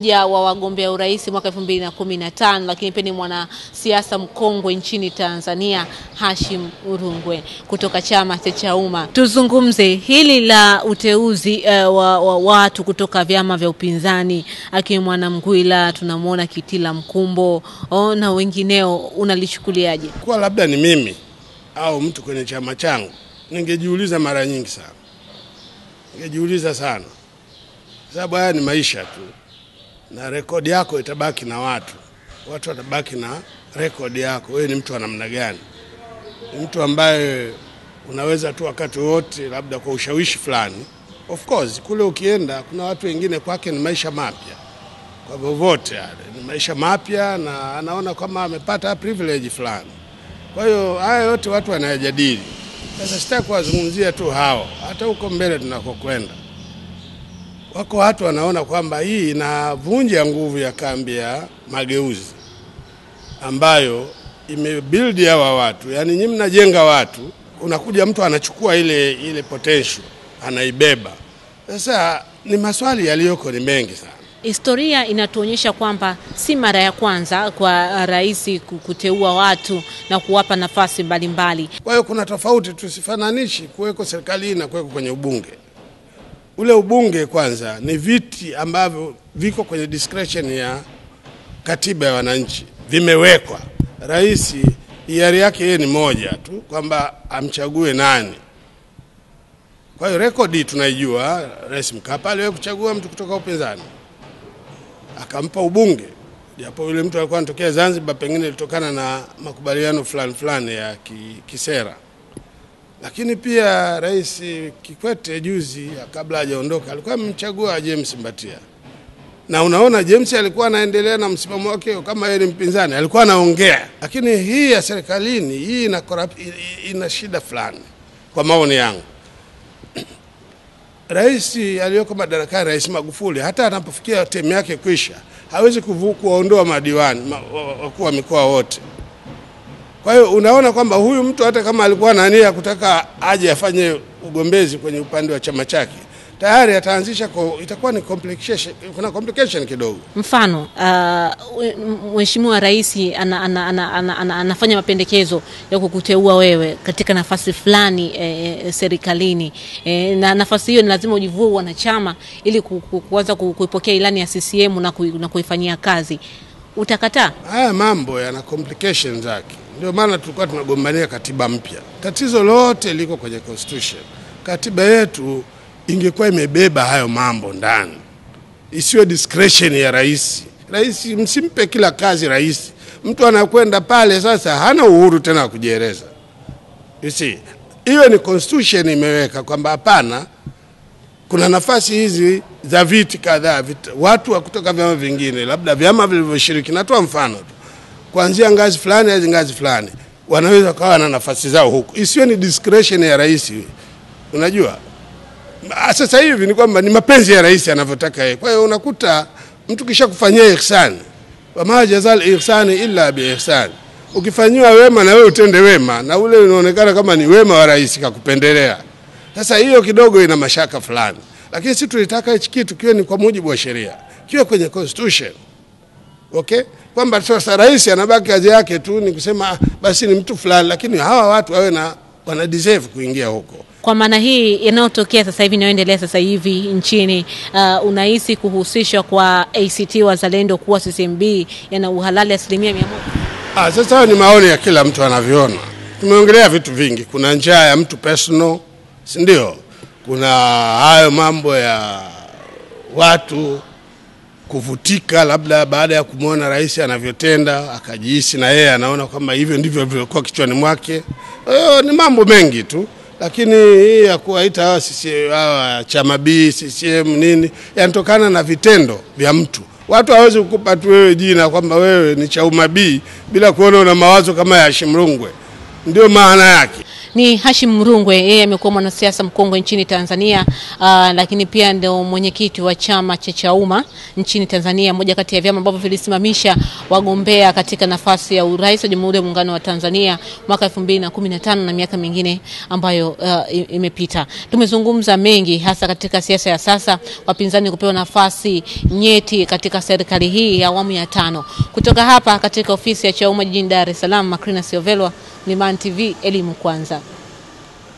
ja wa wagombea urais mwaka 2015 lakini pia ni mwanasiasa mkongwe nchini Tanzania Hashim Rungwe kutoka chama cha Chauma. Tuzungumze hili la uteuzi uh, wa, wa watu kutoka vyama vya upinzani akiwemo Mwanamgwila, tunamwona Kitila Mkumbo oh, na wengineo, unalichukuliaje? Kwa labda ni mimi au mtu kwenye chama changu, ningejiuliza mara nyingi sana, ningejiuliza sana, sababu haya ni maisha tu na rekodi yako itabaki na watu, watu watabaki na rekodi yako. Wewe ni mtu wa namna gani? Ni mtu ambaye unaweza tu wakati wote, labda kwa ushawishi fulani. Of course kule ukienda, kuna watu wengine kwake ni maisha mapya, kwa vyovote yale ni maisha mapya, na anaona kama amepata privilege fulani. Kwa hiyo haya yote watu wanayajadili. Sasa sitaki kuwazungumzia tu hao, hata huko mbele tunakokwenda Wako watu wanaona kwamba hii inavunja nguvu ya kambi ya mageuzi ambayo imebuild hawa watu, yani nyinyi mnajenga watu, unakuja mtu anachukua ile ile potential anaibeba. Sasa ni maswali yaliyoko ni mengi sana. Historia inatuonyesha kwamba si mara ya kwanza kwa rais kuteua watu na kuwapa nafasi mbalimbali. Kwa hiyo kuna tofauti, tusifananishi kuweko hii na kuweko kwenye ubunge. Ule ubunge kwanza ni viti ambavyo viko kwenye discretion ya katiba ya wananchi, vimewekwa. Rais hiari yake yeye ni moja tu, kwamba amchague nani. Kwa hiyo rekodi tunaijua. Rais Mkapa aliwahi kuchagua mtu kutoka upinzani akampa ubunge, japo yule mtu alikuwa anatokea Zanzibar, pengine ilitokana na makubaliano fulani fulani ya kisera. Lakini pia Rais Kikwete juzi, kabla hajaondoka, alikuwa amemchagua James Mbatia, na unaona James alikuwa anaendelea na msimamo wake kama yeye ni mpinzani, alikuwa anaongea. Lakini hii ya serikalini hii ina, ina shida fulani kwa maoni yangu. Rais aliyoko madarakani, Rais Magufuli, hata anapofikia temu yake kwisha, hawezi kuondoa madiwani wakuu wa mikoa wote. Kwa hiyo unaona kwamba huyu mtu hata kama alikuwa na nia kutaka aje afanye ugombezi kwenye upande wa chama chake tayari ataanzisha ko, itakuwa ni complication, kuna complication kidogo. Mfano uh, Mheshimiwa Rais ana, ana, ana, ana, ana, anafanya mapendekezo ya kukuteua wewe katika nafasi fulani e, serikalini e, na nafasi hiyo ni lazima ujivue wanachama ili ku, ku, kuanza ku, kuipokea ilani ya CCM na, ku, na kuifanyia kazi. Utakataa? Haya mambo yana complication zake ndio maana tulikuwa tunagombania katiba mpya. Tatizo lote liko kwenye constitution. Katiba yetu ingekuwa imebeba hayo mambo ndani, isiyo discretion ya rais. Rais msimpe kila kazi rais. Mtu anakwenda pale sasa, hana uhuru tena wa kujieleza. Hiyo ni constitution imeweka kwamba hapana, kuna nafasi hizi za viti kadhaa, watu wa kutoka vyama vingine, labda vyama vilivyoshiriki. Natoa mfano tu kuanzia ngazi fulani hadi ngazi fulani, wanaweza kawa na nafasi zao huko, isiwe ni discretion ya rais. Unajua ah, sasa hivi ni kwamba ni mapenzi ya rais anavyotaka yeye. Kwa hiyo unakuta mtu kisha kufanyia ihsan, wama jazal ihsan illa bi ihsan, ukifanyiwa wema na wewe utende wema, na ule unaonekana kama ni wema wa rais kakupendelea. Sasa hiyo kidogo ina mashaka fulani, lakini sisi tulitaka hichi kitu kiwe ni kwa mujibu wa sheria, kiwe kwenye constitution. Okay? kwamba sasa rais anabaki kazi yake tu ni kusema ah, basi ni mtu fulani, lakini hawa watu wawe na wana deserve kuingia huko. Kwa maana hii yanayotokea sasa hivi inayoendelea sasa hivi nchini, uh, unahisi kuhusishwa kwa ACT Wazalendo kuwa CCMB yana uhalali asilimia mia moja? Ah, sasa ni maoni ya kila mtu anavyoona. Tumeongelea vitu vingi, kuna njaa ya mtu personal, si ndio? Kuna hayo mambo ya watu kuvutika, labda baada ya kumwona rais anavyotenda, akajihisi na yeye anaona kama hivyo ndivyo vilivyokuwa kichwani mwake. Kwahiyo ni mambo mengi tu, lakini hii ya kuwaita hawa hawa chama B CCM nini yanatokana na vitendo vya mtu. Watu hawezi kukupa tu wewe jina kwamba wewe ni Chauma B bila kuona una mawazo kama ya Shimrungwe, ndio maana yake. Ni Hashim Mrungwe, yeye amekuwa mwanasiasa mkongwe nchini Tanzania aa, ah, lakini pia ndio mwenyekiti wa chama cha Chauma nchini Tanzania, moja kati ya vyama ambavyo vilisimamisha wagombea katika nafasi ya urais wa Jamhuri ya Muungano wa Tanzania mwaka 2015 na miaka mingine ambayo uh, imepita. Tumezungumza mengi hasa katika siasa ya sasa, wapinzani kupewa nafasi nyeti katika serikali hii ya awamu ya tano. Kutoka hapa katika ofisi ya Chauma jijini Dar es Salaam, Makrina Siovelwa Liman TV, elimu kwanza.